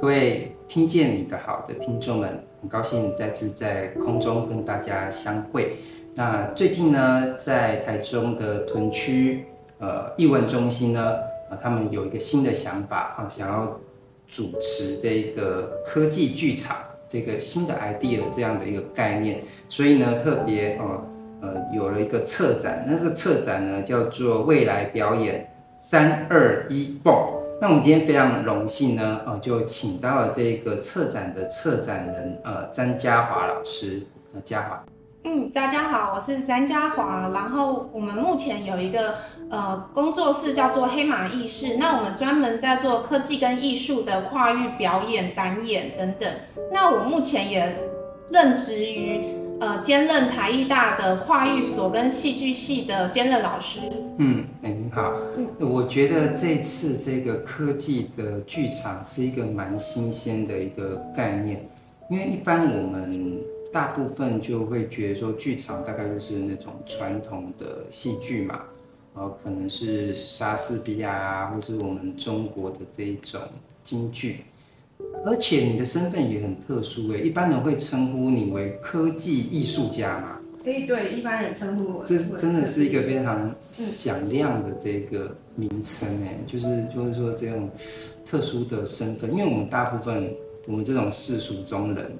各位聽見你的好的聽眾們，很高興再次在空中跟大家相會。那最近呢，在台中的屯區，呃，藝文中心呢，啊、呃，他們有一個新的想法啊、呃，想要主持這個科技劇場這個新的 idea 這樣的一個概念，所以呢，特別哦，呃，呃有了一個策展，那這個策展呢叫做未來表演，三二一爆！那我們今天非常榮幸呢，呃，就請到了這個策展的策展人，呃，詹嘉華老師。呃，嘉華，嗯，大家好，我是詹嘉華。然後我們目前有一個呃工作室叫做黑馬藝術。那我們專門在做科技跟藝術的跨域表演、展演等等。那我目前也任職於。呃，兼任台藝大的跨域所跟戲劇系的兼任老師。嗯，哎、欸，您好。我覺得這次這個科技的劇場是一個蠻新鮮的一個概念，因為一般我們大部分就會覺得說，劇場大概就是那種傳統的戲劇嘛，然後可能是莎士比亞啊，或是我們中國的這一種京劇。而且你的身份也很特殊誒、欸，一般人會稱呼你為科技藝術家嘛？誒、嗯欸，對，一般人稱呼我，這真的是一個非常響亮的這個名稱誒、欸，嗯、就是就是說這種特殊的身份，因為我們大部分我們這種世俗中人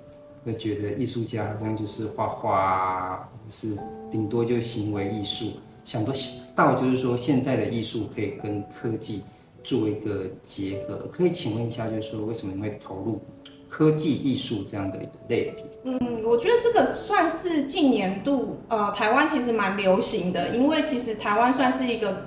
會覺得藝術家好像就是畫畫，就是頂多就行為藝術，想不到就是說現在的藝術可以跟科技。做一個結合，可以請問一下，就是說為什麼你會投入科技藝術這樣的一類別？嗯，我覺得這個算是近年度，呃，台灣其實蠻流行的，因為其實台灣算是一個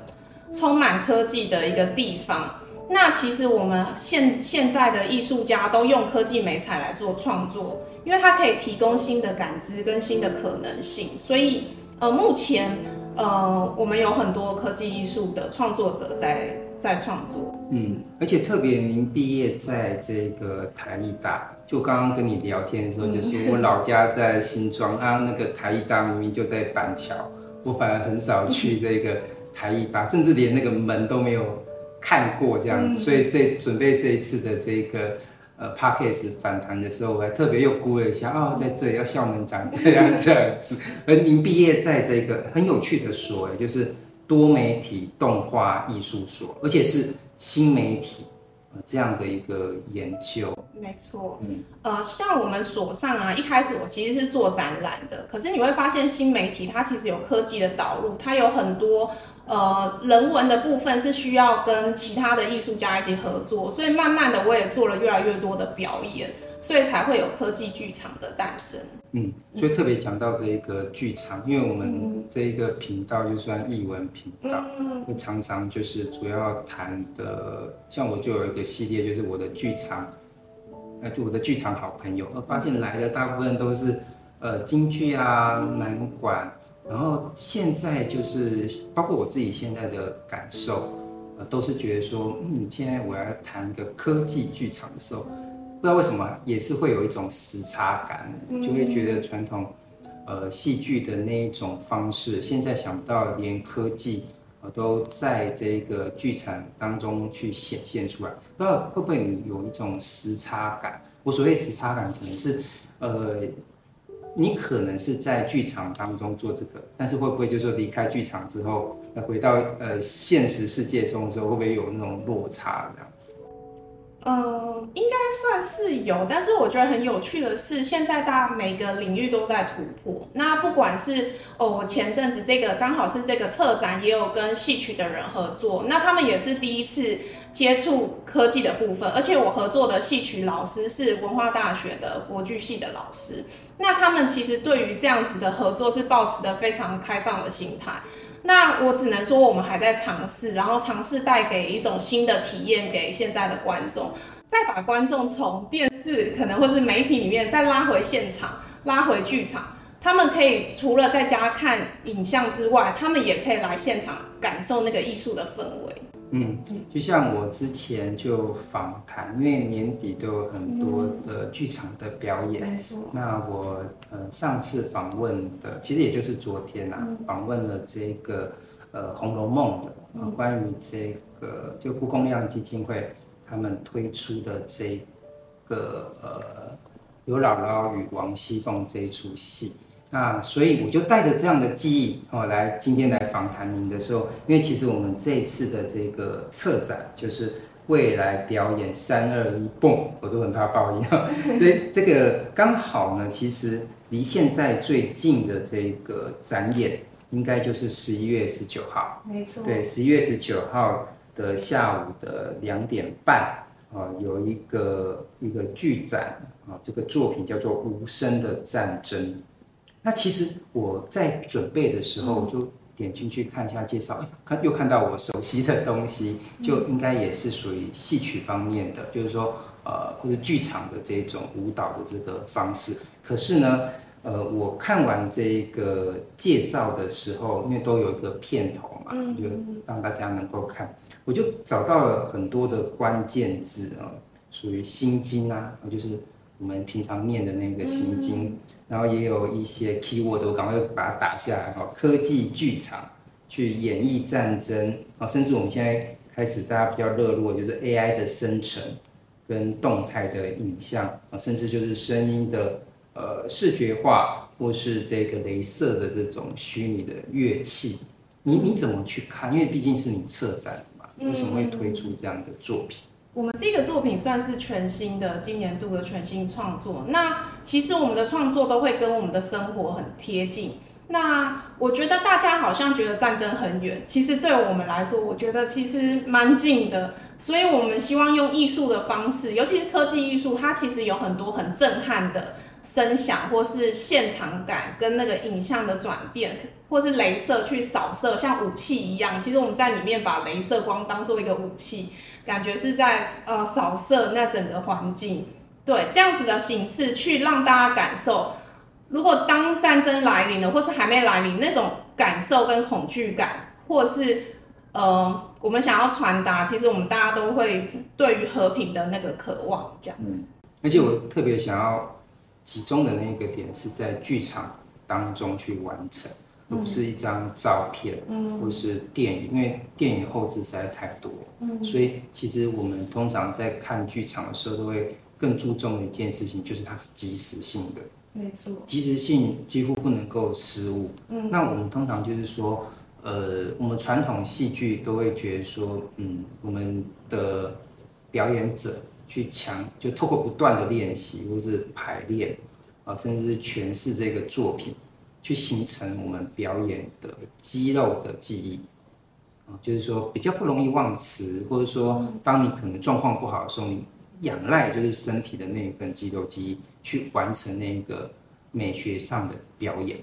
充滿科技的一個地方。那其實我們現現在的藝術家都用科技媒材來做創作，因為它可以提供新的感知跟新的可能性。所以，呃，目前，呃，我們有很多科技藝術的創作者在。在創作，嗯，而且特別，您畢業在這個台藝大，嗯、就我剛剛跟你聊天的時候，嗯、就是我老家在新莊、嗯、啊，那個台藝大明明就在板橋，我反而很少去這個台藝大，嗯、甚至連那個門都沒有看過這樣子。嗯、所以這準備這一次的這個呃 podcast 反彈的時候，我還特別又估了一下，嗯、哦，在這裡要校門長這樣這樣子。嗯嗯、而您畢業在這個很有趣的說、欸，哎，就是。多媒體動畫藝術所，而且是新媒體這樣的一個研究，沒錯。嗯，呃，像我們所上啊，一開始我其實是做展覽的，可是你會發現新媒體它其實有科技的導入，它有很多呃人文的部分是需要跟其他的藝術家一起合作，所以慢慢的我也做了越來越多的表演。所以才會有科技劇場的誕生。嗯，所以特別講到這一個劇場，嗯、因為我們這一個頻道就算藝文頻道，我、嗯嗯、常常就是主要談的，像我就有一個系列，就是我的劇場，那、呃、我的劇場好朋友，而發現來的大部分都是，呃，京劇啊、南管，然後現在就是包括我自己現在的感受、呃，都是覺得說，嗯，現在我要談一個科技劇場的時候。不知道為什麼，也是會有一種時差感，就會覺得傳統，呃，戲劇的那一種方式，現在想不到連科技，呃，都在這個劇場當中去顯現出來。不知道會不會有一種時差感？我所謂時差感，可能是，呃，你可能是在劇場當中做這個，但是會不會就是說離開劇場之後，那回到呃現實世界中的時候，會不會有那種落差這樣子？嗯，應該算是有，但是我覺得很有趣的是，現在大家每個領域都在突破。那不管是哦，我前陣子這個剛好是這個策展，也有跟戲曲的人合作，那他們也是第一次接觸科技的部分。而且我合作的戲曲老師是文化大學的國劇系的老師，那他們其實對於這樣子的合作是抱持的非常開放的心態。那我只能說，我們還在嘗試，然後嘗試帶給一種新的體驗給現在的觀眾，再把觀眾從電視可能或是媒體裡面再拉回現場，拉回劇場。他們可以除了在家看影像之外，他們也可以來現場感受那個藝術的氛圍。嗯，就像我之前就訪談，因為年底都有很多的劇場的表演。沒錯、嗯。那我呃上次訪問的，其實也就是昨天吶、啊，訪、嗯、問了這個呃《紅樓夢》的，關於這個就故宮量基金會他們推出的這個呃劉姥姥與王熙鳳這一出戲。那所以我就帶着這樣的記憶哦，來今天來訪談您的時候，因為其實我們這次的這個策展就是未來表演三二一蹦，我都很怕爆音， 所以這個剛好呢，其實離現在最近的這個展演應該就是十一月十九號，沒錯錯，對，十一月十九號的下午的兩點半啊、哦，有一個一個劇展啊、哦，這個作品叫做《無聲的戰爭》。那其實我在準備的時候，我就點進去看一下介紹，看、嗯、又看到我熟悉的東西，就應該也是屬於戲曲方面的，嗯、就是說呃，或者劇場的這種舞蹈的這個方式。可是呢，呃，我看完這個介紹的時候，因為都有一個片頭嘛，就讓大家能夠看，嗯、我就找到了很多的關鍵字啊，呃、屬於心經啊，就是。我們平常念的那個心經，嗯、然後也有一些 keyword，我趕快把它打下來。好，科技劇場去演繹戰爭，啊，甚至我們現在開始大家比較熱絡，就是 AI 的生成跟動態的影像，啊，甚至就是聲音的呃視覺化，或是這個雷射的這種虛擬的樂器，你你怎麼去看？因為畢竟是你策展的嘛，為什麼會推出這樣的作品？嗯我們這個作品算是全新的，今年度的全新創作。那其實我們的創作都會跟我們的生活很貼近。那我覺得大家好像覺得戰爭很遠，其實對我們來說，我覺得其實蠻近的。所以，我們希望用藝術的方式，尤其是科技藝術，它其實有很多很震撼的。聲響或是現場感跟那個影像的轉變，或是雷射去掃射，像武器一樣。其實我們在裡面把雷射光當做一個武器，感覺是在呃掃射那整個環境。對，這樣子的形式去讓大家感受，如果當戰爭來臨了，或是還沒來臨，那種感受跟恐懼感，或是呃我們想要傳達，其實我們大家都會對於和平的那個渴望，這樣子。而且我特別想要。集中的那個點是在劇場當中去完成，而不是一張照片，嗯，或是電影，因為電影後置實在太多，嗯、所以其實我們通常在看劇場的時候，都會更注重一件事情，就是它是即時性的，沒錯錯，即時性幾乎不能夠失誤，嗯、那我們通常就是說，呃，我們傳統戲劇都會覺得說，嗯，我們的表演者。去強就透過不斷的練習或是排練啊，甚至是詮釋這個作品，去形成我們表演的肌肉的記憶啊，就是說比較不容易忘詞，或者說當你可能狀況不好的時候，你仰賴就是身體的那一份肌肉記憶去完成那個美學上的表演。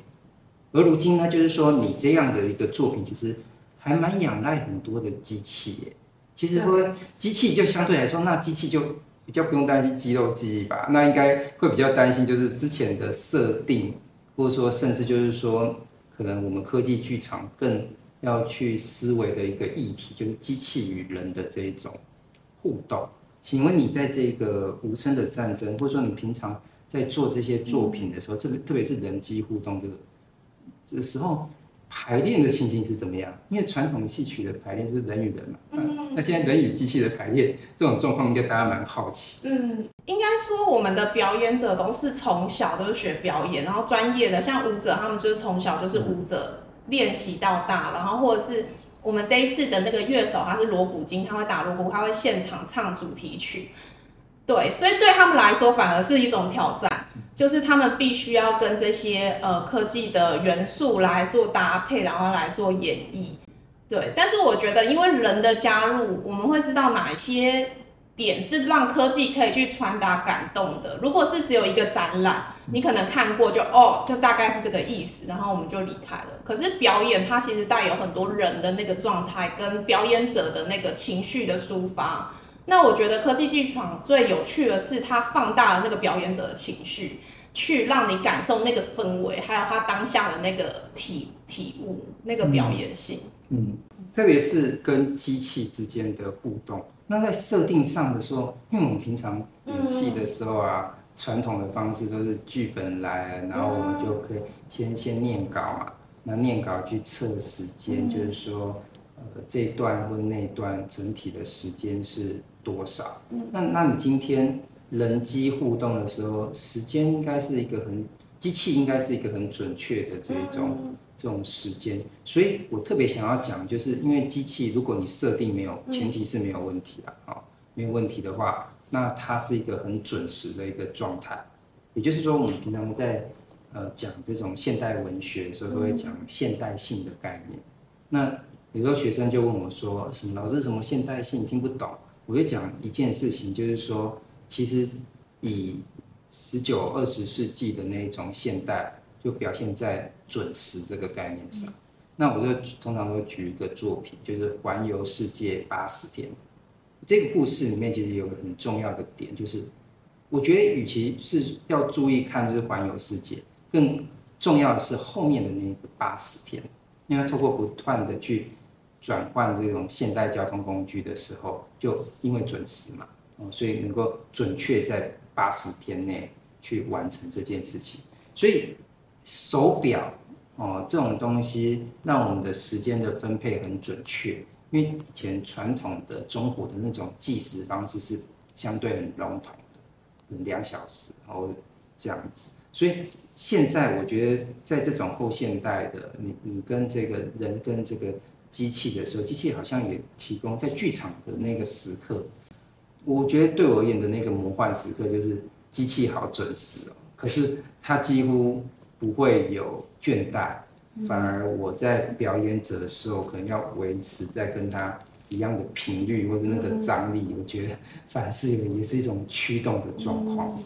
而如今呢，就是說你這樣的一個作品其實還蠻仰賴很多的機器耶。其實說機器就相對來說，那機器就比較不用擔心肌肉記憶吧？那應該會比較擔心，就是之前的設定，或者說甚至就是說，可能我們科技劇場更要去思維的一個議題，就是機器與人的這一種互動。請問你在這個無聲的戰爭，或者說你平常在做這些作品的時候，特、嗯、特別是人機互動這個，這個時候排練的情形是怎麼樣？因為傳統戲曲的排練就是人與人嘛，嗯。那現在人與機器的排練，這種狀況應該大家蠻好奇。嗯，應該說我們的表演者都是從小都是學表演，然後專業的，像舞者他們就是從小就是舞者練習到大，嗯、然後或者是我們這一次的那個樂手，他是鑼鼓經，他會打鑼鼓，他會現場唱主題曲。對，所以對他們來說反而是一種挑戰，就是他們必須要跟這些呃科技的元素來做搭配，然後來做演繹。對，但是我覺得，因為人的加入，我們會知道哪些點是讓科技可以去傳達感動的。如果是只有一個展覽，你可能看過就哦，就大概是這個意思，然後我們就離開了。可是表演它其實帶有很多人的那個狀態，跟表演者的那個情緒的抒發。那我覺得科技劇場最有趣的是，它放大了那個表演者的情緒，去讓你感受那個氛圍，還有他當下的那個體體悟，那個表演性。嗯嗯，特別是跟機器之間的互動，那在設定上的時候，因為我們平常演戲的時候啊，傳統的方式都是劇本來，然後我們就可以先先念稿嘛，那念稿去測時間，就是說，呃，這一段或那一段整體的時間是多少？那那你今天人機互動的時候，時間應該是一個很，機器應該是一個很準確的這一種。這種時間，所以我特別想要講，就是因為機器，如果你設定沒有前提是沒有問題的，啊，嗯哦、沒有問題的話，那它是一個很準時的一個狀態。也就是說，我們平常在呃講這種現代文學的時候，都會講現代性的概念。嗯、那有時候學生就問我說：“什麼老師，什麼現代性聽不懂？”我就講一件事情，就是說，其實以十九、二十世紀的那一種現代。就表現在準時這個概念上。那我就通常會舉一個作品，就是《環遊世界八十天》。這個故事裡面其實有一個很重要的點，就是我覺得與其是要注意看就是環遊世界，更重要的是後面的那一個八十天，因為透過不斷的去轉換這種現代交通工具的時候，就因為準時嘛，所以能夠準確在八十天內去完成這件事情，所以。手錶哦，這種東西讓我們的時間的分配很準確，因為以前傳統的中國的那種計時方式是相對很籠統的，兩小時哦，然後這樣子。所以現在我覺得，在這種後現代的你你跟這個人跟這個機器的時候，機器好像也提供在劇場的那個時刻，我覺得對我而言的那個魔幻時刻就是機器好準時哦，可是它幾乎。不會有倦怠，反而我在表演者的時候，嗯、可能要維持在跟他一樣的頻率或者那個張力，嗯、我覺得反而是也也是一種驅動的狀況、嗯。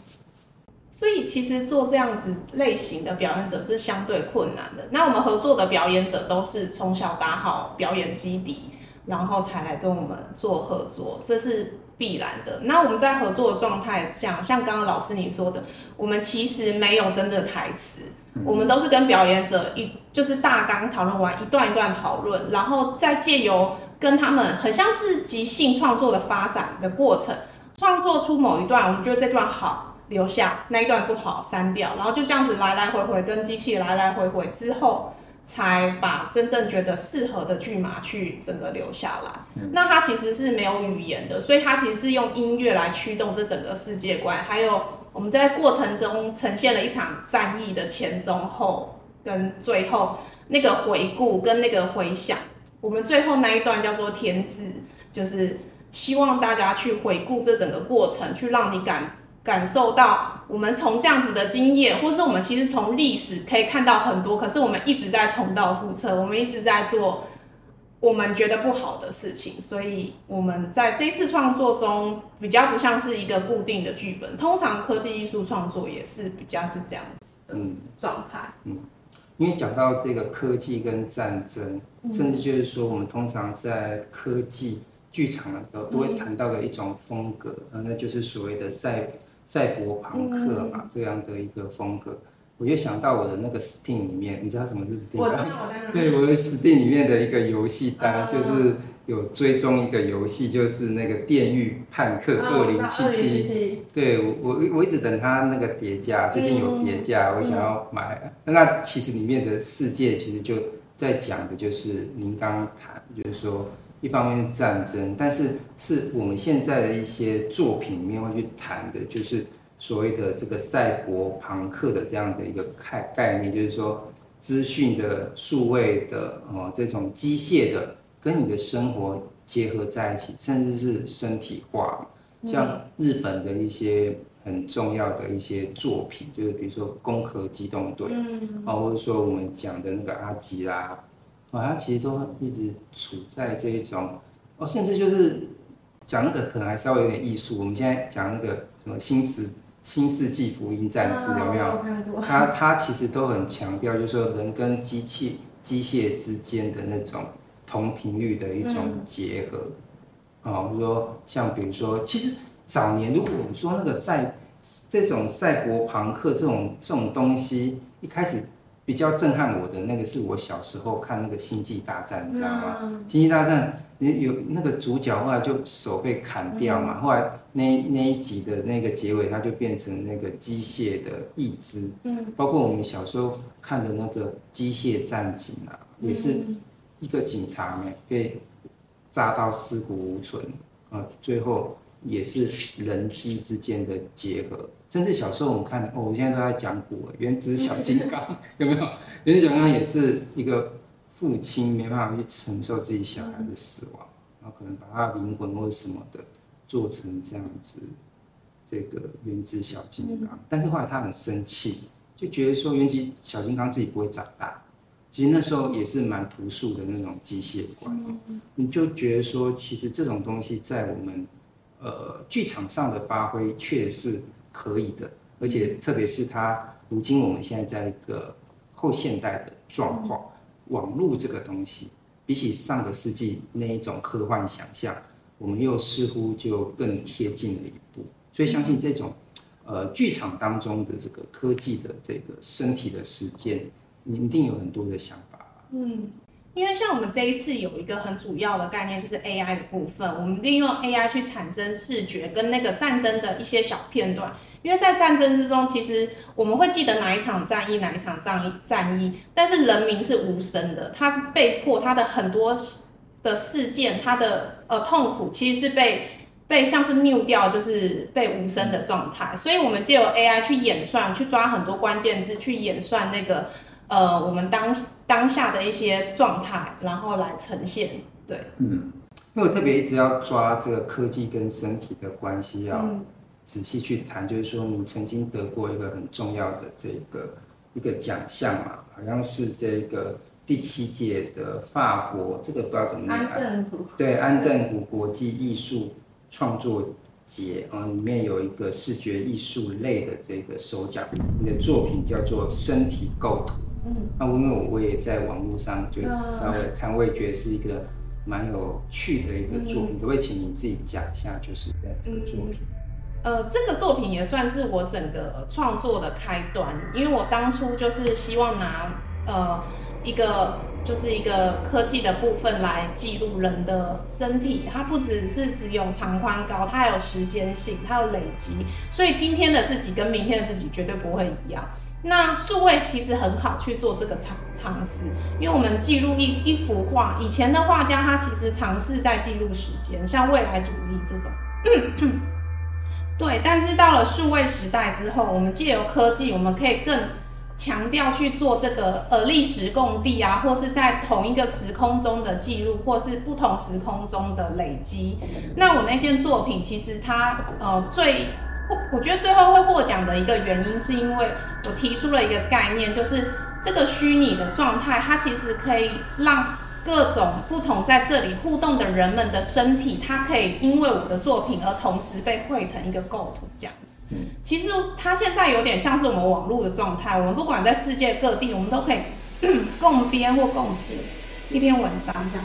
所以其實做這樣子類型的表演者是相對困難的。那我們合作的表演者都是從小打好表演基底，然後才來跟我們做合作，這是必然的。那我們在合作的狀態下，像剛剛老師你說的，我們其實沒有真的台詞。我們都是跟表演者一，就是大綱討論完，一段一段討論，然後再借由跟他們很像是即興創作的發展的過程，創作出某一段。我們覺得這段好留下，那一段不好刪掉，然後就這樣子來來回回，跟機器來來回回之後，才把真正覺得適合的劇碼去整個留下來。那它其實是沒有語言的，所以它其實是用音樂來驅動這整個世界觀，還有。我們在過程中呈現了一場戰役的前、中、後跟最後那個回顧跟那個回想，我們最後那一段叫做“填字”，就是希望大家去回顧這整個過程，去讓你感感受到我們從這樣子的經驗，或是我們其實從歷史可以看到很多，可是我們一直在重蹈覆轍，我們一直在做。我們覺得不好的事情，所以我們在這一次創作中比較不像是一個固定的劇本。通常科技藝術創作也是比較是這樣子的狀態，的狀態。嗯，因為講到這個科技跟戰爭，甚至就是說我們通常在科技劇場的時候都會談到的一種風格，嗯，那就是所謂的賽賽博龐克嘛，這樣的一個風格。我就想到我的那個 Steam 裡面，你知道什麼是 Steam 嗎？對，我的 Steam 裡面的一個遊戲單，啊、就是有追蹤一個遊戲，就是那個《電馭叛客2077》啊。對我，我我一直等它那個疊加，最近有疊加，嗯、我想要買。嗯、那其實裡面的世界其實就在講的就是您剛剛談，就是說一方面戰爭，但是是我們現在的一些作品裡面會去談的，就是。所謂的這個賽博朋克的這樣的一個概概念，就是說資訊的、數位的、哦，這種機械的跟你的生活結合在一起，甚至是身體化，像日本的一些很重要的一些作品，嗯、就是比如說《攻殼機動隊》，啊、哦，或者說我們講的那個阿基拉，啊，他其實都一直處在這一種，哦，甚至就是講那個可能還稍微有點藝術，我們現在講那個什麼新詞。新世紀福音戰士有沒有？他他其實都很強調，就是說人跟機器、機械之間的那種同頻率的一種結合。啊、嗯哦，比如說像比如說，其實早年如果我們說那個賽、嗯、這種賽博朋克這種這種東西，一開始比較震撼我的那個是我小時候看那個星際大戰，你知道嗎？嗯、星際大戰。有那個主角後來就手被砍掉嘛，後來那那一集的那個結尾，他就變成那個機械的義肢。嗯。包括我們小時候看的那個《機械戰警》啊，也是一個警察呢，被炸到屍骨無存，啊，最後也是人機之間的結合。甚至小時候我們看哦，我現在都在講古，原子小金剛 有沒有？原子小金剛也是一個。父親沒辦法去承受自己小孩的死亡，嗯、然後可能把他靈魂或者什麼的做成這樣子，這個原子小金剛。嗯、但是後來他很生氣，就覺得說原子小金剛自己不會長大。其實那時候也是蠻樸素的那種機械觀，嗯嗯，你就覺得說，其實這種東西在我們呃劇場上的發揮確實是可以的，而且特別是他如今我們現在在一個後現代的狀況。嗯嗯網絡這個東西，比起上個世紀那一種科幻想象，我們又似乎就更貼近了一步。所以相信這種，呃，劇場當中的這個科技的這個身體的實踐，你一定有很多的想法吧？嗯。因為像我們這一次有一個很主要的概念，就是 AI 的部分，我們利用 AI 去產生視覺跟那個戰爭的一些小片段。因為在戰爭之中，其實我們會記得哪一場戰役、哪一場戰役戰役，但是人民是無聲的，他被迫他的很多的事件，他的呃痛苦其實是被被像是 mute 掉，就是被無聲的狀態。所以，我們借由 AI 去演算，去抓很多關鍵字，去演算那個。呃，我們當當下的一些狀態，然後來呈現，對，嗯，因為我特別一直要抓這個科技跟身體的關係，要仔細去談，嗯、就是說你曾經得過一個很重要的這個一個獎項嘛，好像是這個第七屆的法國，這個不知道怎麼念，安頓谷，對，安頓谷國際藝術創作節啊，裡面有一個視覺藝術類的這個首獎，你的作品叫做身體構圖。嗯、那因為我也在網絡上就稍微看，我也覺得是一個蠻有趣的一個作品。可以、嗯、請你自己講一下，就是在這個作品、嗯嗯。呃，這個作品也算是我整個創作的開端，因為我當初就是希望拿呃一個就是一個科技的部分來記錄人的身體，它不只是只有長寬高，它還有時間性，它有累積，所以今天的自己跟明天的自己絕對不會一樣。那數位其實很好去做這個嘗嘗試，因為我們記錄一一幅畫，以前的畫家他其實嘗試在記錄時間，像未來主義這種。咳咳對，但是到了數位時代之後，我們借由科技，我們可以更強調去做這個呃歷史共地啊，或是在同一個時空中的記錄，或是不同時空中的累積。那我那件作品其實它呃最。我，我覺得最後會獲獎的一個原因，是因為我提出了一個概念，就是這個虛擬的狀態，它其實可以讓各種不同在這裡互動的人們的身體，它可以因為我的作品而同時被繪成一個構圖，這樣子。嗯。其實它現在有點像是我們網絡的狀態，我們不管在世界各地，我們都可以 共編或共寫一篇文章，這樣子、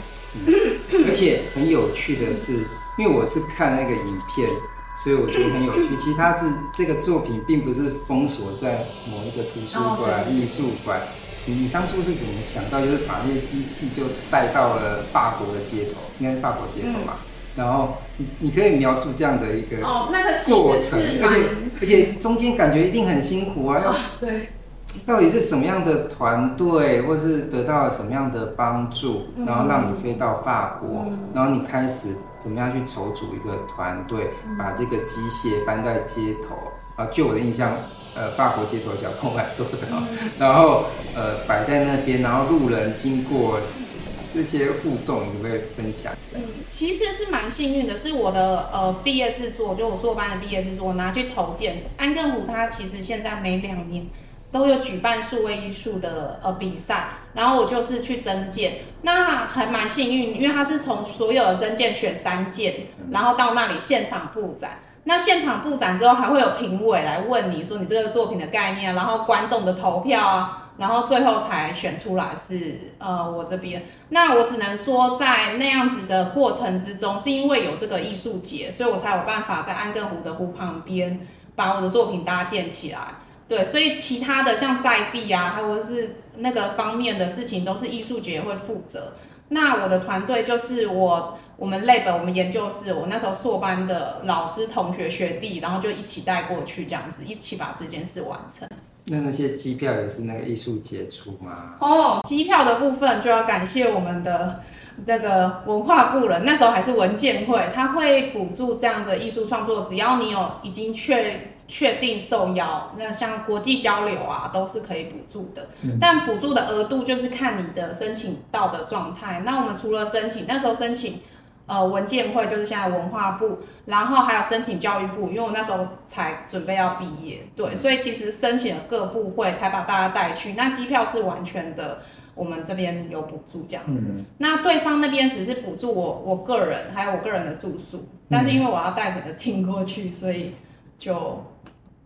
嗯。而且很有趣的是，因為我是看那個影片。所以我覺得很有趣，嗯嗯、其實他是這個作品並不是封鎖在某一個圖書館、哦、藝術館。你你當初是怎麼想到，就是把那些機器就帶到了法國的街頭？應該是法國街頭吧？嗯、然後你你可以描述這樣的一個過程，哦那個、其實而且而且中間感覺一定很辛苦啊！哦、對。到底是什麼樣的團隊，或是得到了什麼樣的幫助，嗯、然後讓你飛到法國，嗯、然後你開始怎麼樣去籌組一個團隊，嗯、把這個機械搬到街頭啊？據我的印象，呃，法國街頭小偷蠻多的，嗯、然後呃擺在那邊，然後路人經過這些互動，你會分享？嗯，其實是蠻幸運的，是我的呃畢業制作，就我碩班的畢業制作拿去投件安格魯，他其實現在沒兩年，都有舉辦數位藝術的呃比賽，然後我就是去徵件，那還蠻幸運，因為他是從所有的徵件選三件，然後到那裡現場布展。那現場布展之後，還會有評委來問你說你這個作品的概念，然後觀眾的投票啊，然後最後才選出來是呃我這邊。那我只能說，在那樣子的過程之中，是因為有這個藝術節，所以我才有辦法在安根湖的湖旁邊把我的作品搭建起來。對，所以其他的像在地啊，還有是那個方面的事情，都是藝術節會負責。那我的團隊就是我、我們 lab、我們研究室，我那時候碩班的老師、同學、學弟，然後就一起帶過去，這樣子一起把這件事完成。那那些機票也是那個藝術節出嗎？哦，oh, 機票的部分就要感謝我們的那個文化部了。那時候還是文建會，他會補助這樣的藝術創作，只要你有已經確認。確定受邀，那像國際交流啊，都是可以補助的。嗯、但補助的額度就是看你的申請到的狀態。那我們除了申請那時候申請，呃，文建會，就是現在文化部，然後還有申請教育部，因為我那時候才準備要畢業，對，所以其實申請了各部會才把大家帶去。那機票是完全的，我們這邊有補助這樣子。嗯、那對方那邊只是補助我我個人，還有我個人的住宿。但是因為我要帶整個聽過去，所以就。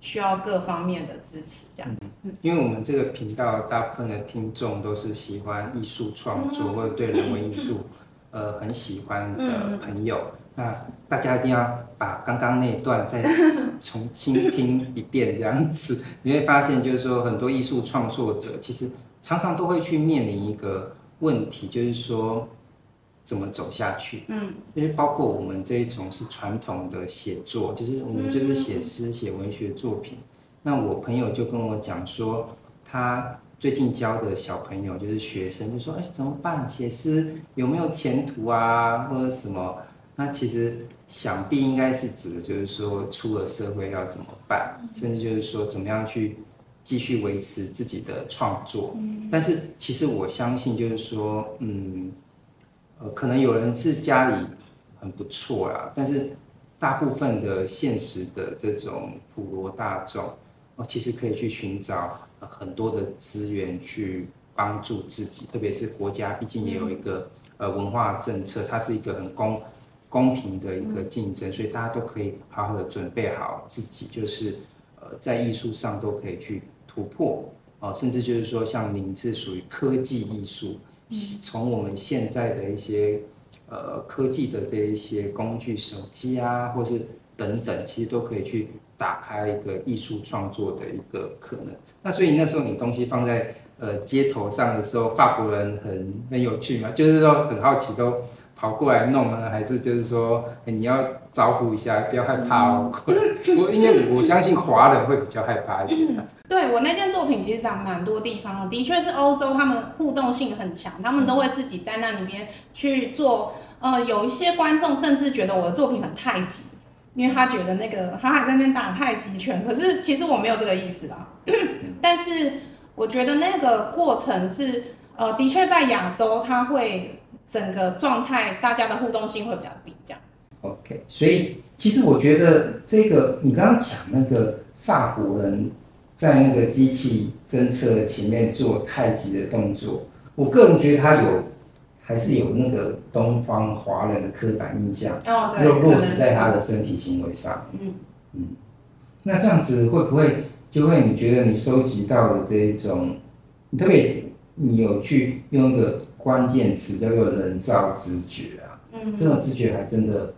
需要各方面的支持，這樣子、嗯。因為我們這個頻道大部分的聽眾都是喜歡藝術創作或者對人文藝術，呃，很喜歡的朋友。那大家一定要把剛剛那段再重新聽一遍，這樣子，你會發現，就是說很多藝術創作者其實常常都會去面臨一個問題，就是說。怎麼走下去？嗯，因為包括我們這一種是傳統的寫作，就是我們就是寫詩、寫文學作品。那我朋友就跟我講說，他最近教的小朋友就是學生，就說：“哎、欸，怎麼辦？寫詩有沒有前途啊？或者什麼？”那其實想必應該是指的就是說，出了社會要怎麼辦，甚至就是說怎麼樣去繼續維持自己的創作。但是其實我相信，就是說，嗯。呃、可能有人是家裡很不錯啦，但是大部分的現實的這種普羅大眾，哦、呃，其實可以去尋找、呃、很多的資源去幫助自己，特別是國家，畢竟也有一個呃文化政策，它是一個很公公平的一個競爭，所以大家都可以好好的準備好自己，就是、呃、在藝術上都可以去突破哦、呃，甚至就是說像您是屬於科技藝術。從我們現在的一些呃科技的這一些工具，手機啊，或是等等，其實都可以去打開一個藝術創作的一個可能。那所以那時候你東西放在呃街頭上的時候，法國人很很有趣嘛，就是說很好奇都跑過來弄呢，還是就是說、欸、你要。招呼一下，不要害怕哦。我因為我相信華人會比較害怕一點。 對，我那件作品其實講蠻多地方的，的確是歐洲他們互動性很強，嗯、他們都會自己在那裡面去做。呃，有一些觀眾甚至覺得我的作品很太極，因為他覺得那個他還在那邊打太極拳。可是其實我沒有這個意思啦。嗯、但是我覺得那個過程是呃，的確在亞洲，他會整個狀態大家的互動性會比較低，這樣。OK，所以其實我覺得這個你剛剛講那個法國人在那個機器偵測前面做太極的動作，我個人覺得他有還是有那個東方華人的刻板印象，哦，oh, 對，落實在他的身體行為上，嗯那這樣子會不會就會你覺得你收集到的這一種，你特別你有去用一個關鍵詞叫做“人造直覺”啊，嗯，這種直覺還真的。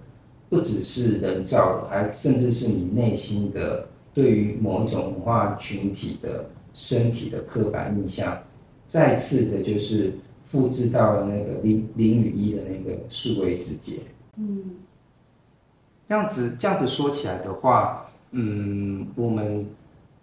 不只是人造的，還甚至是你內心的對於某一種文化群體的身體的刻板印象，再次的，就是複製到了那個零零與一的那個數位世界。嗯，這樣子這樣子說起來的話，嗯，我們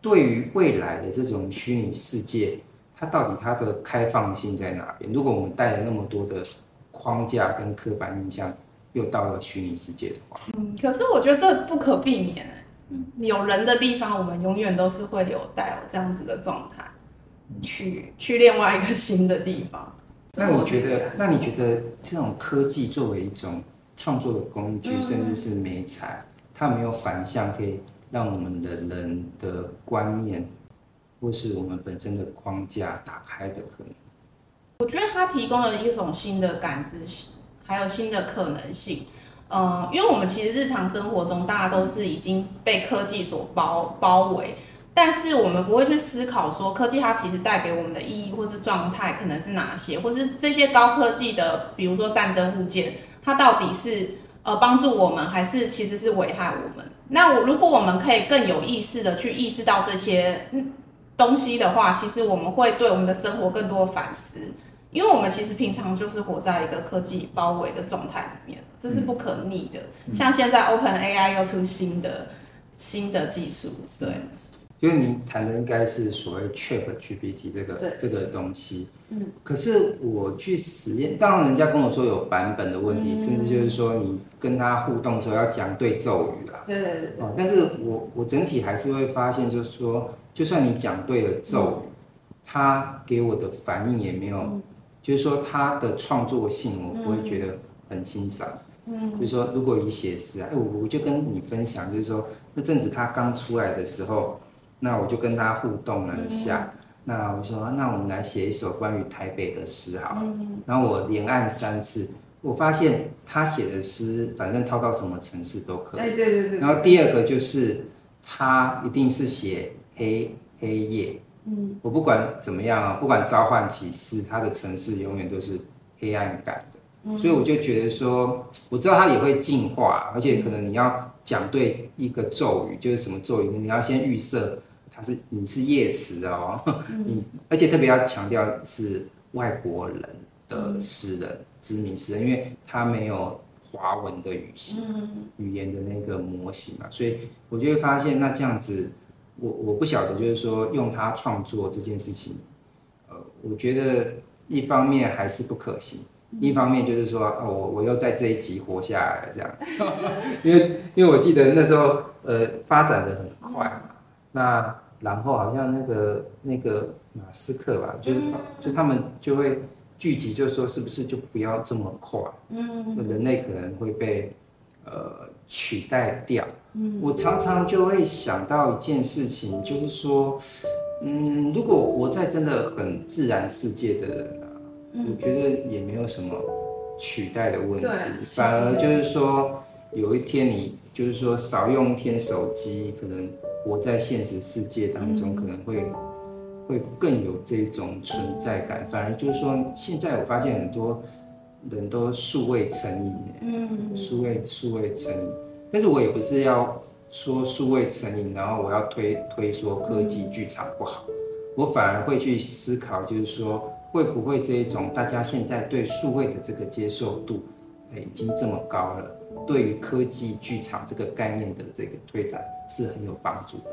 對於未來的這種虛擬世界，它到底它的開放性在哪邊？如果我們帶了那麼多的框架跟刻板印象。又到了虛擬世界的話，嗯，可是我覺得這不可避免欸，有人的地方，我們永遠都是會有帶有這樣子的狀態，嗯、去去另外一個新的地方。嗯、那你覺得，那你覺得這種科技作為一種創作的工具，對甚至是媒材，它沒有反向可以讓我們的人的觀念，或是我們本身的框架打開的可能？我覺得它提供了一種新的感知還有新的可能性，呃，因為我們其實日常生活中大家都是已經被科技所包包圍，但是我們不會去思考說科技它其實帶給我們的意義或是狀態可能是哪些，或是這些高科技的，比如說戰爭物件，它到底是呃幫助我們還是其實是危害我們？那我如果我們可以更有意識地去意識到這些東西的話，其實我們會對我們的生活更多反思。因為我們其實平常就是活在一個科技包圍的狀態裡面，嗯、這是不可逆的。嗯、像現在 OpenAI 又出新的新的技術，對。就是你談的應該是所謂 Chat GPT 這個對這個東西。嗯。可是我去實驗，當然人家跟我說有版本的問題，嗯、甚至就是說你跟他互動的時候要講對咒語啦。對，對對對。哦，但是我我整體還是會發現，就是說，嗯、就算你講對了咒語，嗯、他給我的反應也沒有、嗯。就是說他的創作性，我我不會覺得很欣賞。嗯，就是說如果你寫詩啊，欸、我就跟你分享，就是說那陣子他剛出來的時候，那我就跟他互動了一下。嗯、那我說，那我們來寫一首關於台北的詩好了。嗯。然後我連按三次，我發現他寫的詩，反正套到什麼城市都可以。欸、對，對對對。然後第二個就是他一定是寫黑黑夜。嗯，我不管怎麼樣啊、哦，不管召喚騎士，他的城市永遠都是黑暗感的。嗯、所以我就覺得說，我知道他也會進化，而且可能你要講對一個咒語，就是什麼咒語，你要先預設他是你是夜詞哦，嗯、你而且特別要強調是外國人的詩人，嗯、知名詩人，因為他沒有華文的語系、嗯、語言的那個模型嘛，所以我就會發現那這樣子。我我不曉得，就是說用它創作這件事情，呃，我覺得一方面還是不可行，一方面就是說，我、哦、我又在這一集活下來了這樣 因為因為我記得那時候，呃，發展得很快嘛，哦、那然後好像那個那個馬斯克吧，就是就他們就會聚集，就是說是不是就不要這麼快，嗯嗯嗯人類可能會被呃取代掉。嗯、我常常就會想到一件事情，就是說，嗯，如果活在真的很自然世界的人，啊，嗯、我覺得也沒有什麼取代的問題，對反而就是說，對有一天你就是說少用一天手機，可能活在現實世界當中、嗯、可能會會更有這種存在感。反而就是說，現在我發現很多人都數位成癮，嗯，數位數位成癮。但是我也不是要說數位成癮，然後我要推推說科技劇場不好，我反而會去思考，就是說會不會這一種大家現在對數位的這個接受度，哎，已經這麼高了，對於科技劇場這個概念的這個推展是很有幫助的。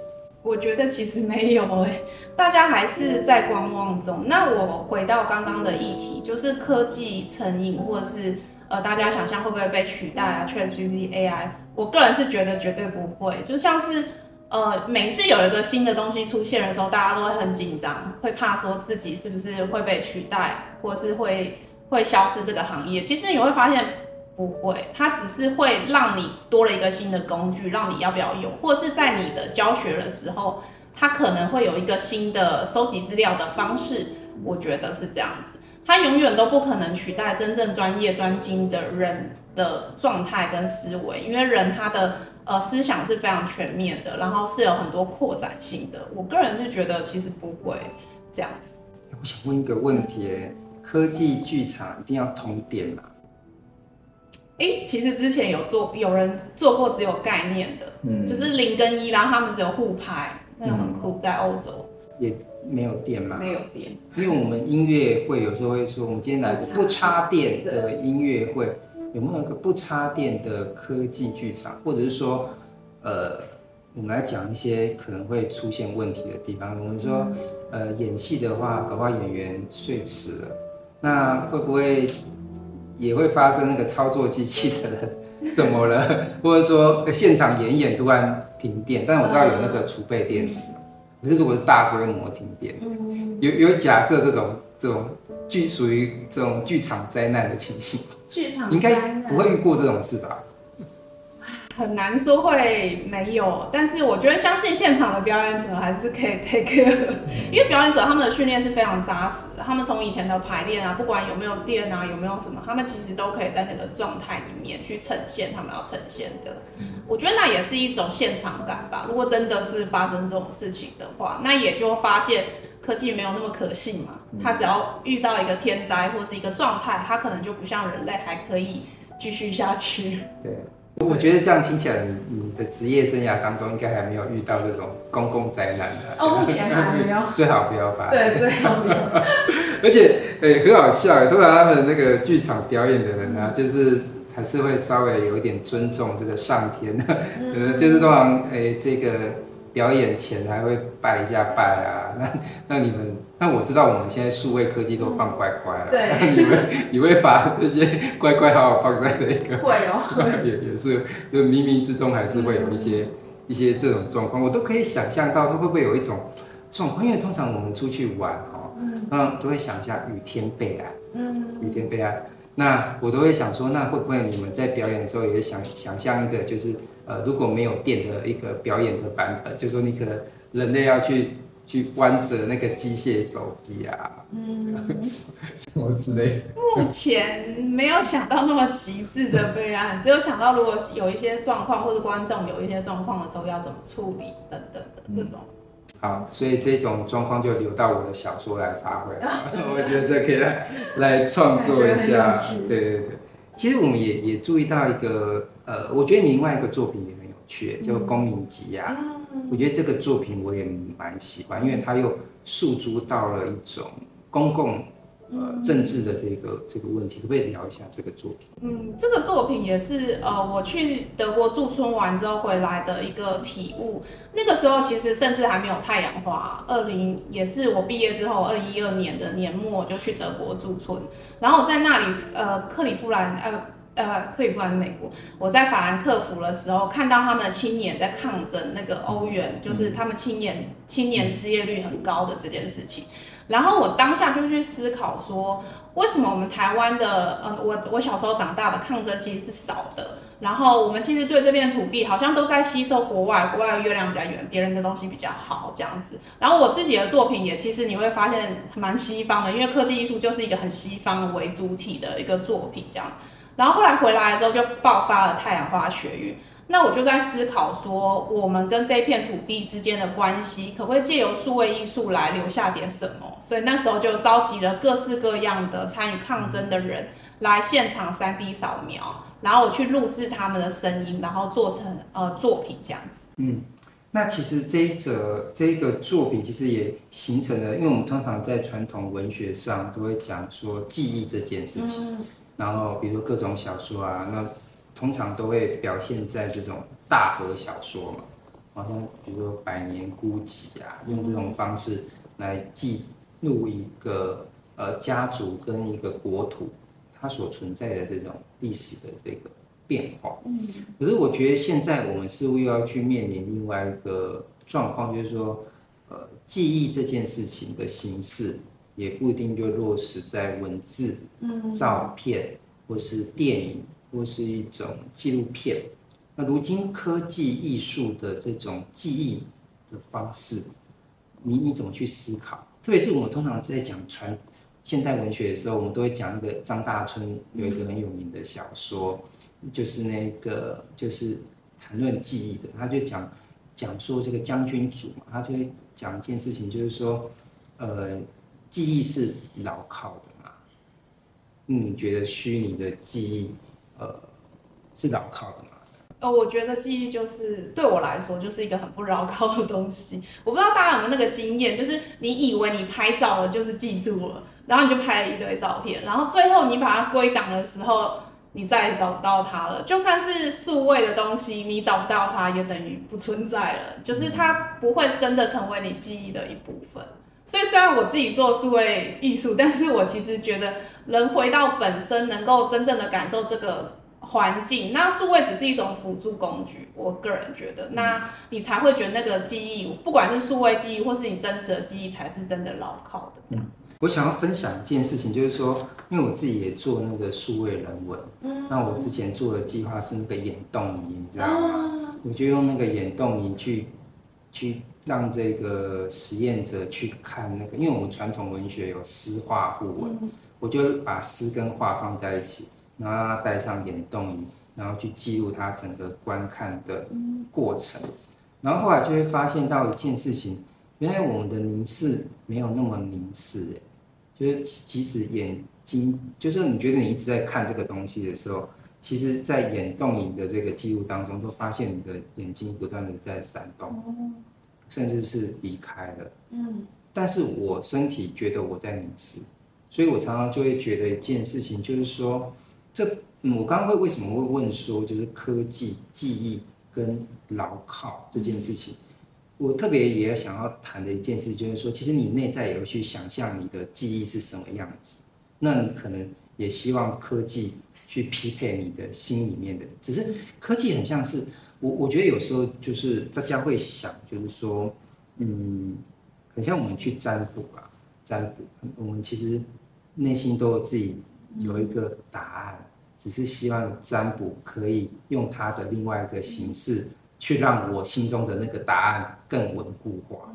我覺得其實沒有哎，大家還是在觀望中。嗯。那我回到剛剛的議題，就是科技成癮或者是。呃，大家想象會不會被取代啊？勸、嗯、G v A I，我個人是覺得絕對不會。就像是呃，每次有一個新的東西出現的時候，大家都會很緊張，會怕說自己是不是會被取代，或是會會消失這個行業。其實你會發現不會，它只是會讓你多了一個新的工具，讓你要不要用，或是在你的教學的時候，它可能會有一個新的收集資料的方式。我覺得是這樣子。他永遠都不可能取代真正專業專精的人的狀態跟思維，因為人他的呃思想是非常全面的，然後是有很多擴展性的。我個人是覺得其實不會這樣子、欸。我想問一個問題，科技劇場一定要通電嗎？其實之前有做，有人做過只有概念的，嗯、就是零跟一，然後他們只有互拍，那個很酷，在歐，在歐洲也。沒有電嗎？沒有電，因為我們音樂會有時候會說，我們今天來不插電的音樂會，嗯、有沒有一個不插電的科技劇場，或者是說，呃，我們來講一些可能會出現問題的地方。我們說，嗯呃、演戲的話，搞不好演員睡遲了，那會不會也會發生那個操作機器的呵呵怎麼了， 或者說現場演演突然停電？但我知道有那個儲備電池。嗯嗯可是，如果是大規模停電，嗯、有有假設這種這種劇屬於這種劇場災難的情形，劇場災難應該不會遇過這種事吧？很難說會沒有，但是我覺得相信現場的表演者還是可以 take care。因為表演者他們的訓練是非常扎實的，他們從以前的排練啊，不管有沒有電啊，有沒有什麼，他們其實都可以在那個狀態裡面去呈現他們要呈現的。嗯、我覺得那也是一種現場感吧。如果真的是發生這種事情的話，那也就發現科技沒有那麼可信嘛。他只要遇到一個天災或是一個狀態，他可能就不像人類還可以繼續下去。對。我覺得這樣聽起來，你你的職業生涯當中應該還沒有遇到這種公共災難的、啊、哦，目前還沒有，最好不要發生。對，最好不要。而且，哎、欸，很好笑、欸，通常他們那個劇場表演的人呢、啊，就是還是會稍微有一點尊重這個上天、啊，就是通常哎、欸、這個。表演前還會拜一下拜啊，那那你們，那我知道我們現在數位科技都放乖乖了，嗯、對， 那你們你會把那些乖乖好好放在那個，會哦，也也是，會就冥冥之中還是會有一些、嗯、一些這種狀況，我都可以想象到，會不會有一種狀況？因為通常我們出去玩哦，嗯，那都會想一下雨天被啊。嗯，雨天被淹、啊，嗯、那我都會想說，那會不會你們在表演的時候也想想象一個就是。呃，如果沒有電的一個表演的版本，就是，說你可能人類要去去關着那個機械手臂啊，嗯， 什麼之類。目前沒有想到那麼極致的備案，嗯、只有想到如果有一些狀況或者觀眾有一些狀況的時候要怎麼處理等等的，嗯、這種。好，所以這種狀況就留到我的小說來發揮。啊， 我覺得這可以來來創作一下，對對對。其實我們也也注意到一個。呃，我覺得你另外一個作品也很有趣，就是《公民集》啊。嗯、我覺得這個作品我也蠻喜歡，嗯、因為它又訴諸到了一種公共、嗯呃、政治的這個這個問題，可不可以聊一下這個作品？嗯，這個作品也是呃，我去德國駐村完之後回來的一個體悟。那個時候其實甚至還沒有《太陽花》，二零也是我畢業之後二零一二年的年末我就去德國駐村，然後我在那裡呃，克里夫蘭呃。呃，克里夫蘭，美國。我在法蘭克福的時候，看到他們的青年在抗爭那個歐元，就是他們青年青年失業率很高的這件事情。然後我當下就去思考說，為什麼我們台灣的，呃，我我小時候長大的抗爭其實是少的。然後我們其實對這片土地好像都在吸收國外，國外的月亮比較圓，別人的東西比較好這樣子。然後我自己的作品也其實你會發現蠻西方的，因為科技藝術就是一個很西方為主體的一個作品這樣。然後後來回來的時候，就爆發了太陽花學運。那我就在思考說，我們跟這片土地之間的關係，可不可以借由數位藝術來留下點什麼？所以那時候就召集了各式各樣的參與抗爭的人來現場三 D 掃描，然後我去錄製他們的聲音，然後做成呃作品這樣子。嗯，那其實這一則這一個作品其實也形成了，因為我們通常在傳統文學上都會講說記憶這件事情。嗯然後，比如說各種小說啊，那通常都會表現在這種大河小說嘛，好像比如說《百年孤寂》啊，用這種方式來記錄一個呃家族跟一個國土它所存在的這種歷史的這個變化。嗯。可是我覺得現在我們似乎又要去面臨另外一個狀況，就是說，呃，記憶這件事情的形式。也不一定就落實在文字、照片，或是電影，或是一種紀錄片。那如今科技藝術的這種記憶的方式，你你怎麼去思考？特別是我們通常在講傳現代文學的時候，我們都會講一個張大春有一個很有名的小說，就是那個就是談論記憶的。他就講講說這個將軍主嘛，他就會講一件事情，就是說，呃。記憶是牢靠的嗎？你覺得虛擬的記憶，呃，是牢靠的嗎？哦，我覺得記憶就是對我來說，就是一個很不牢靠的東西。我不知道大家有沒有那個經驗，就是你以為你拍照了就是記住了，然後你就拍了一堆照片，然後最後你把它歸檔的時候，你再也找不到它了。就算是數位的東西，你找不到它也等於不存在了，就是它不會真的成為你記憶的一部分。嗯。所以，雖然我自己做數位藝術，但是我其實覺得能回到本身，能夠真正的感受這個環境。那數位只是一種輔助工具，我個人覺得，那你才會覺得那個記憶，不管是數位記憶或是你真實的記憶，才是真的牢靠的。嗯，我想要分享一件事情，就是說，因為我自己也做那個數位人文，嗯，那我之前做的計劃是那個眼動儀，你知道嗎？啊，我就用那個眼動儀去，去。讓這個實驗者去看那個，因為我們傳統文學有詩畫互文，我就把詩跟畫放在一起，然後讓他戴上眼動儀，然後去記錄他整個觀看的過程。然後後來就會發現到一件事情，原來我們的凝視沒有那麼凝視、欸，哎，就是即使眼睛，就是你覺得你一直在看這個東西的時候，其實在眼動儀的這個記錄當中，都發現你的眼睛不斷的在閃動。甚至是離開了，嗯，但是我身體覺得我在凝視，所以我常常就會覺得一件事情，就是說，這、嗯、我剛剛會為什麼會問說，就是科技記憶跟牢靠這件事情，嗯、我特別也想要談的一件事，就是說，其實你內在也會去想象你的記憶是什麼樣子，那你可能也希望科技去匹配你的心裡面的，只是科技很像是。我我覺得有時候就是大家會想，就是說，嗯，很像我們去占卜啊，占卜，我們其實內心都有自己有一個答案，只是希望占卜可以用它的另外一個形式，去讓我心中的那個答案更穩固化。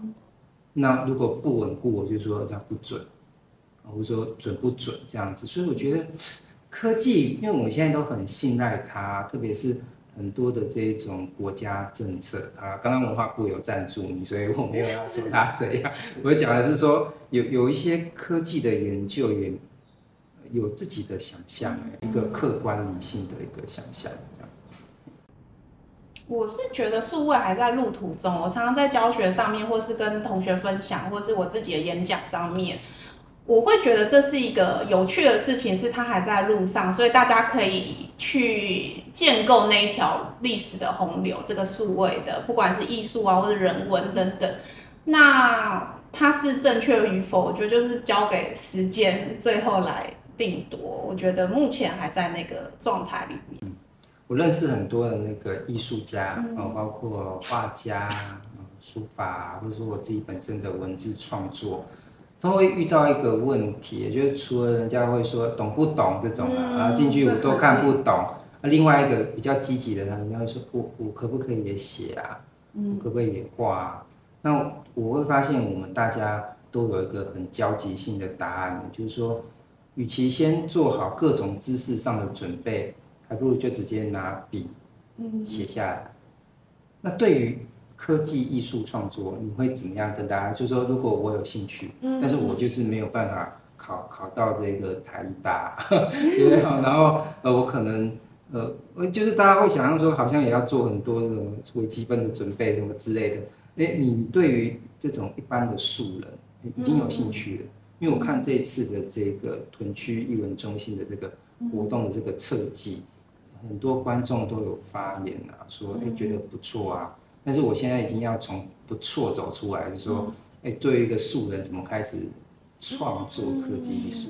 那如果不穩固，我就說它不準，我就說準不準這樣子。所以我覺得科技，因為我們現在都很信賴它，特別是。很多的這一種國家政策啊，剛剛文化部有贊助你，所以我沒有想說他這樣， 對我講的是說有有一些科技的研究員有自己的想象，嗯、一個客觀理性的一個想象。這樣，我是覺得數位還在路途中，我常常在教學上面，或是跟同學分享，或是我自己的演講上面，我會覺得這是一個有趣的事情，是它還在路上，所以大家可以去建構那一條歷史的洪流。這個數位的，不管是藝術啊，或者人文等等，那它是正確與否，我覺得就是交給時間最後來定奪。我覺得目前還在那個狀態裡面。嗯、我認識很多的那個藝術家，然後、嗯、包括畫家、書法，或者說我自己本身的文字創作。都會遇到一個問題，也就是除了人家會說懂不懂這種了，啊、嗯，然後進去我都看不懂。啊、嗯，另外一個比較積極的人，人家會說，我我可不可以也寫啊？嗯，我可不可以也畫啊？那我，我會發現，我們大家都有一個很焦急性的答案，就是說，與其先做好各種知識上的準備，還不如就直接拿筆，嗯，寫下來。嗯、那對於科技藝術創作，你會怎麼樣跟大家？就說如果我有興趣，但是我就是沒有辦法考考到這個台大，嗯嗯 然後呃，我可能呃，就是大家會想象說，好像也要做很多這種微積分的準備什麼之類的。你、欸、你對於這種一般的素人、欸、已經有興趣了，嗯嗯因為我看這次的這個屯區藝文中心的這個活動的這個設計，很多觀眾都有發言啊，說、欸、覺得不錯啊。但是我現在已經要從不錯走出來，就是說，誒、嗯、欸，對於一個素人怎麼開始創作科技藝術？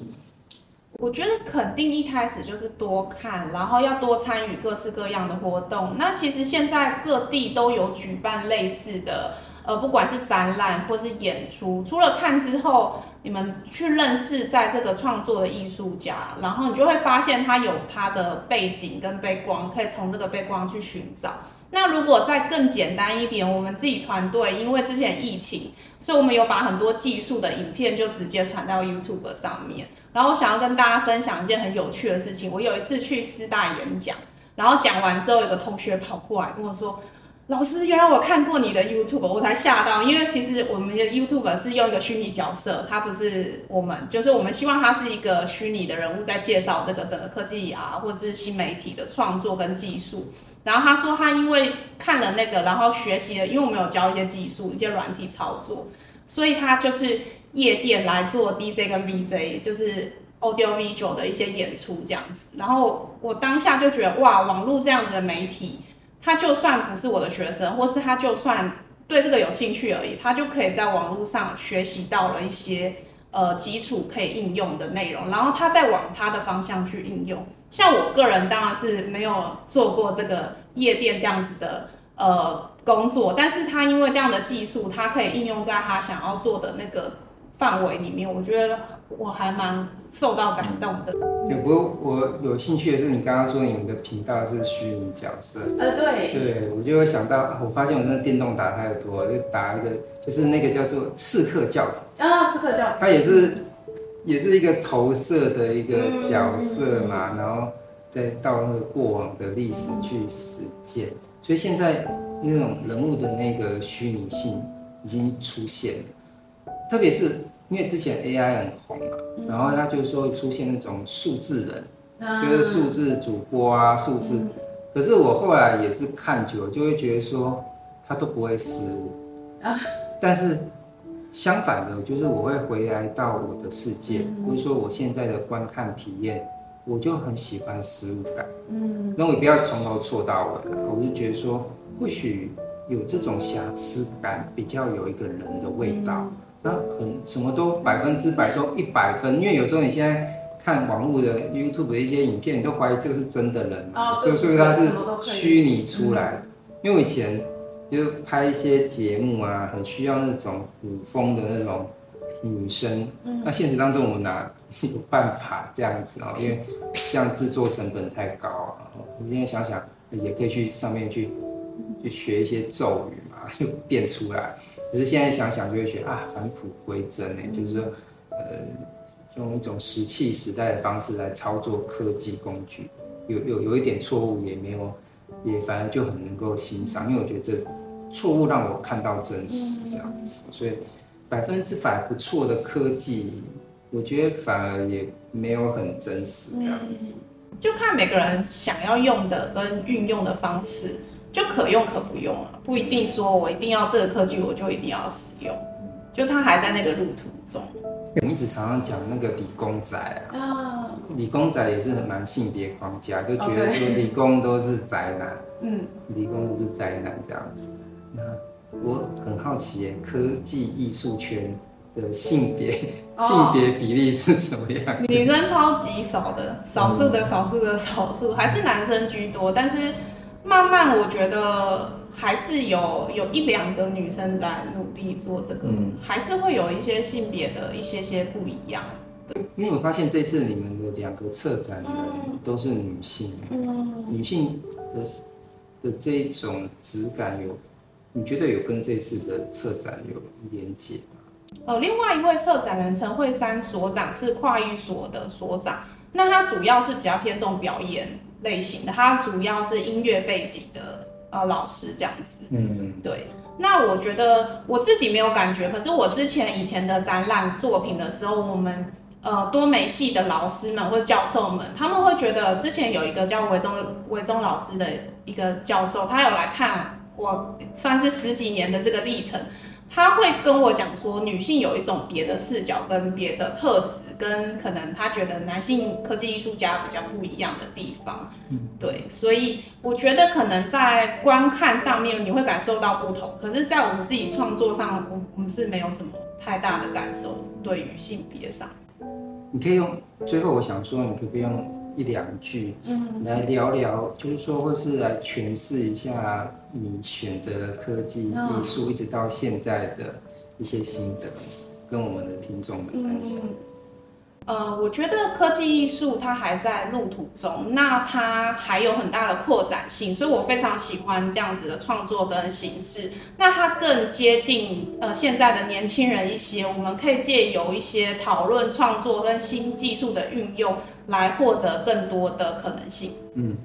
我覺得肯定一開始就是多看，然後要多參與各式各樣的活動。那其實現在各地都有舉辦類似的，呃，不管是展覽或是演出。除了看之後，你們去認識在這個創作的藝術家，然後你就會發現他有他的背景跟背光，可以從這個背光去尋找。那如果再更簡單一點，我們自己團隊因為之前疫情，所以我們有把很多技術的影片就直接傳到 YouTube 上面。然後我想要跟大家分享一件很有趣的事情，我有一次去師大演講，然後講完之後，有個同學跑過來跟我說。老師，原來我看過你的 YouTube，我才嚇到，因為其實我們的 YouTube 是用一個虛擬角色，他不是我們，就是我們希望他是一個虛擬的人物在介紹這個整個科技啊，或者是新媒體的創作跟技術。然後他說他因為看了那個，然後學習了，因為我們有教一些技術，一些軟體操作，所以他就是夜店來做 DJ 跟 VJ，就是 Audio Visual 的一些演出這樣子。然後我當下就覺得哇，網絡這樣子的媒體。他就算不是我的學生，或是他就算對這個有興趣而已，他就可以在網絡上學習到了一些呃基礎可以應用的內容，然後他再往他的方向去應用。像我個人當然是沒有做過這個夜店這樣子的呃工作，但是他因為這樣的技術，他可以應用在他想要做的那個。範圍裡面，我覺得我還蠻受到感動的對。不過我有興趣的是，你剛剛說你們的頻道是虛擬角色，呃，對，對我就會想到，我發現我真的電動打太多了，就打那個，就是那個叫做刺客教頭啊，刺客教頭，他也是也是一個投射的一個角色嘛，嗯、然後再到那個過往的歷史去實踐，嗯、所以現在那種人物的那個虛擬性已經出現了，特別是。因為之前 A I 很紅嘛，嗯、然後他就說會出現那種數字人，嗯、就是數字主播啊，數字。嗯、可是我後來也是看久了，就會覺得說他都不會失誤、啊、但是相反的，就是我會回來到我的世界，嗯、或者說我現在的觀看體驗，我就很喜歡失誤感。嗯，那我不要從頭錯到尾，我就覺得說或許有這種瑕疵感，比較有一個人的味道。嗯嗯那很、啊、什麼都百分之百都一百分，因為有時候你現在看網絡的 YouTube 的一些影片，你都懷疑這個是真的人，所以、哦、所以他是虛擬出來？嗯、因為我以前就拍一些節目啊，很需要那種古風的那種女生。嗯、那現實當中我們哪有辦法這樣子啊、喔？因為這樣制作成本太高啊。我現在想想也可以去上面去去學一些咒語嘛，就變出來。可是現在想想就會覺得啊，返璞歸真呢，就是說，呃，用一種石器時代的方式來操作科技工具，有有有一點錯誤也沒有，也反而就很能夠欣賞，因為我覺得這錯誤讓我看到真實這樣子，所以百分之百不錯的科技，我覺得反而也沒有很真實這樣子，就看每個人想要用的跟運用的方式。就可用可不用啊，不一定說我一定要這個科技，我就一定要使用。就它還在那個路途中。我們一直常常講那個理工宅啊，啊理工宅也是很蠻性別框架，嗯、就覺得說理工都是宅男，嗯、哦對，理工都是宅男這樣子。嗯、那我很好奇耶，科技藝術圈的性別、哦、性別比例是什麼樣子？女生超級少的，少數的少數的少數，嗯、還是男生居多，但是。慢慢，我覺得還是有有一兩個女生在努力做這個，嗯、還是會有一些性別的一些些不一樣，對，因為我發現這次你們的兩個策展人都是女性，嗯、女性的的這種質感有，你覺得有跟這次的策展有連結嗎？哦、呃，另外一位策展人陳慧珊所長是跨域所的所長，那她主要是比較偏重表演類型的，它主要是音樂背景的呃老師這樣子，嗯，嗯，對。那我覺得我自己沒有感覺，可是我之前以前的展覽作品的時候，我們呃多媒系的老師們或教授們，他們會覺得之前有一個叫韋忠韋忠老師的一個教授，他有來看我，算是十幾年的這個歷程。他會跟我講說，女性有一種別的視角跟別的特質，跟可能他覺得男性科技藝術家比較不一樣的地方。嗯，對，所以我覺得可能在觀看上面你會感受到不同，可是在我們自己創作上，我我們是沒有什麼太大的感受對於性別上。你可以用，最後，我想說，你可以不用。一兩句，來聊聊，就是說，或是來詮釋一下你選擇科技藝術一直到現在的一些心得，跟我們的聽眾們分享。呃，我覺得科技藝術它還在路途中，那它還有很大的擴展性，所以我非常喜歡這樣子的創作跟形式。那它更接近呃現在的年輕人一些，我們可以借由一些討論創作跟新技術的運用，來獲得更多的可能性。嗯，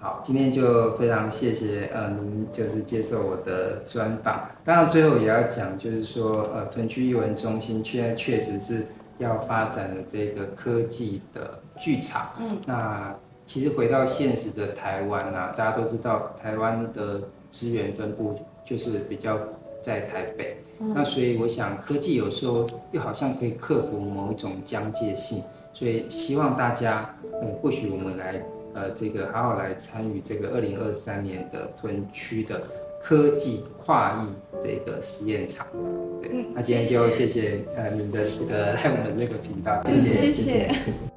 好，今天就非常謝謝呃您就是接受我的專訪。當然最後也要講就是說呃屯區藝文中心現在確實是。要發展的這個科技的劇場，嗯，那其實回到現實的台灣啊，大家都知道台灣的資源分布就是比較在台北，嗯，那所以我想科技有時候又好像可以克服某一種疆界性，所以希望大家，嗯，或許我們來，呃，這個好好來參與這個二零二三年的屯區的。科技跨域這個實驗場，對，嗯、那今天就謝謝、嗯、呃你的這個來我們這個頻道，謝謝謝謝。